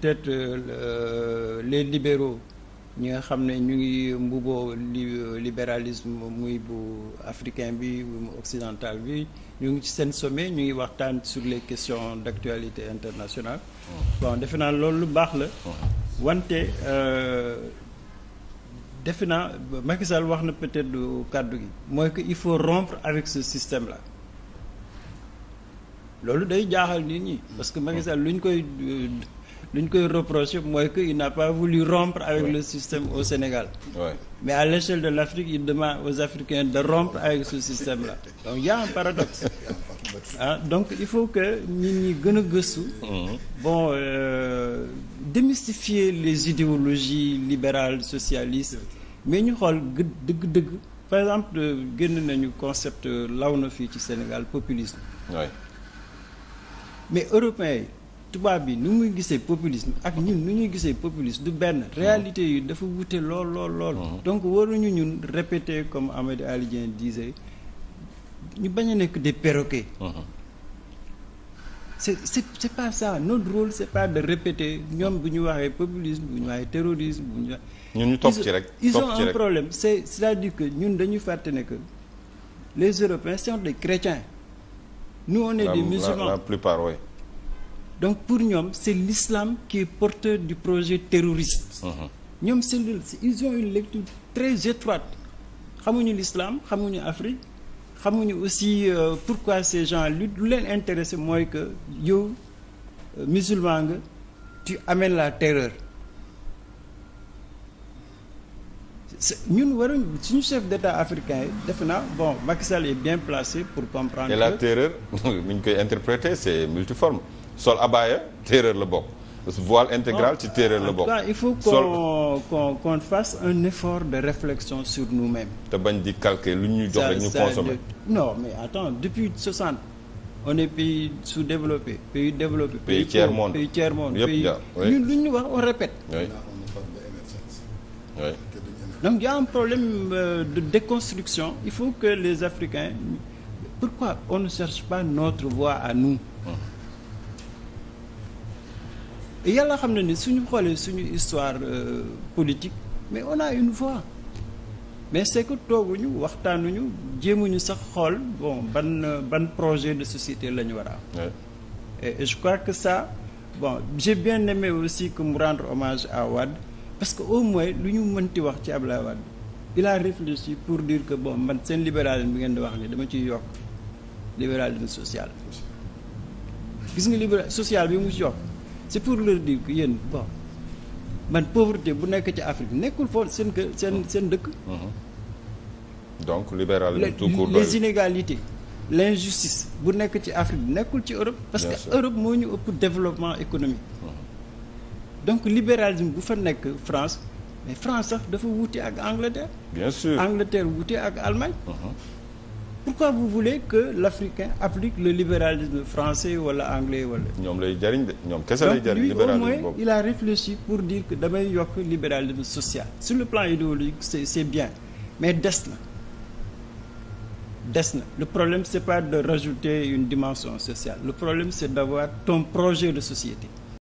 peut-être euh, euh, les libéraux ñi nga xam ne ñu ngi mbuboo euh, libéralisme muy bu africain bi bu occidental bi ñu ngi ci seen sommet ñu ngi waxtaan sur les question d'actualité internationale bon defe naa loolu lu baax la wante euh, defe naa Macky Sall wax na peut-être du kàddu gi mooy que il faut rompre avec ce système là loolu day jaaxal nit ñi parce que Macky Sall lu koy lu ñu koy reprocher mooy que il n'a pas voulu rompre avec le système au Sénégal ouais. mais à l'échelle de l'Afrique il demande aux Africains de rompre avec ce système là donc il y a donc il faut que nit ñi gën a gëstu mhm. bon euh, démystifier les idéologies libérales socialistes mais ñu xool dëgg-dëgg par exemple euh, génn nañu concept euh, law na fii ci Sénégal populisme mais européens tubaab bi nu muy gisee populisme ak ñun nu ñuy gisee populisme du benn réalité yi dafa wute lool lool lool mhm. donc waruñu ñun répéter comme Amadou Aly Dieng disait ñu bañ a nekk des perroquets mhm. c'est c'est c'est pas ça notre rôle c'est pas de répéter ñoom bu ñu waxee populisme bu ñu waxee terrorisme bu ñu waxee ñun ñu topp ci rek ils ont un problème c'est cest di que ñun dañuy fàtte ne que les Européens sont des chrétiens nous on est des donc pour ñoom c'est l'islam qui est porteur du projet terroriste mhm. ñoom c'est ils ont une lecture très étroite xamuñu l'islam xamuñu Afrique xamuñu aussi euh, pourquoi ces gens lu lu leen intéressé mooy que yow euh, musulman nga tu amènes la terreur ñun waruñ ñu chef d'État africain yi def naa bon Macky Sall est bien placé pour comprendre et la terreur mi ñu koy interpréter c'est multiforme sol abaya téeréer la bokk voile intégral ci téeréer la bokk. il faut qu'on fasse un effort de réflexion sur nous-mêmes. te bañ di calquer lu ñu jox rek ñu consommer. non mais attends depuis 60 on est pays sous-développé pays développé. pays tiers monde pays tiers lu ñu wax on répète. donc il y a un problème euh, de déconstruction il faut que les Africains pourquoi on ne cherche pas notre voie à nous. yàlla xam na ne suñu xoolee suñu histoire euh, politique mais on a une fois mais c'est que tooguñu waxtaanuñu jéemuñu sax xool bon ban ban projet de société la ñu war a je crois que ça bon je bien aimé aussi que mu rendre hommage à Wade parce que au moins lu ñu mënti wax ci Ablaye Wade il a réfléchi pour diir que bon man seen libéralisme bi ngeen di wax ni dama ciy yokk libéralisme social gis nga libéral social bi mu ci yokk c'est pour leur dire que yéen bon man pauvreté bu nekk ci Afrique nekkul foon seen seen seen dëkk. Mhm. donc libéralisme tout court les inégalités l'injustice bu nekk ci Afrique nekkul ci Europe. parce que Europe moo ñu ëpp développement économique. Mhm. donc libéralisme bu fa nekk France mais France sax dafa wuute ak Angleterre. bien sûr Angleterre wuute ak Allemagne. Mhm. pourquoi vous voulez que l'Africain applique le libéralisme français wala anglais wala. ñoom lay jariñ de ñoom kese lay jariñ libéralisme boobu donc lui au moins il a réfléchi pour dire que damay yokk libéralisme social sur le plan idéologique c'est bien mais des na des na le problème c'est pas de rajouter une dimension sociale le problème c'est d'avoir ton projet de société.